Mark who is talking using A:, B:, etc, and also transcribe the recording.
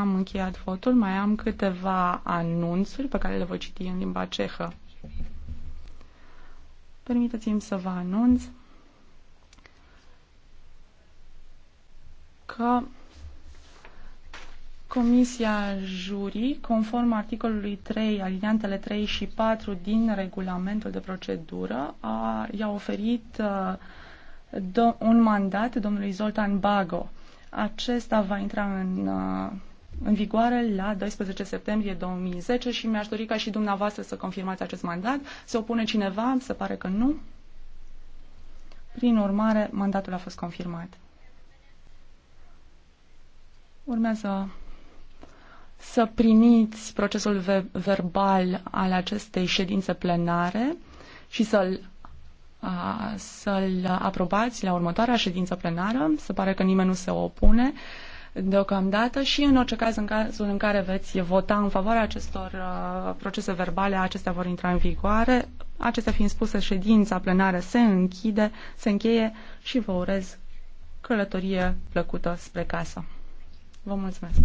A: Am încheiat votul, mai am câteva anunțuri pe care le voi citi în limba cehă. Permiteți-mi să vă anunț că Comisia Jurii, conform articolului 3, alineantele 3 și 4 din regulamentul de procedură, a, i-a oferit uh, do, un mandat domnului Zoltan Bago. Acesta va intra în uh, în vigoare la 12 septembrie 2010 și mi-aș dori ca și dumneavoastră să confirmați acest mandat. Se opune cineva? Se pare că nu. Prin urmare, mandatul a fost confirmat. Urmează să primiți procesul ve- verbal al acestei ședințe plenare și să-l să-l aprobați la următoarea ședință plenară. Se pare că nimeni nu se opune deocamdată și în orice caz în cazul în care veți vota în favoarea acestor uh, procese verbale, acestea vor intra în vigoare. Acestea fiind spuse, ședința plenară se închide, se încheie și vă urez călătorie plăcută spre casă. Vă mulțumesc!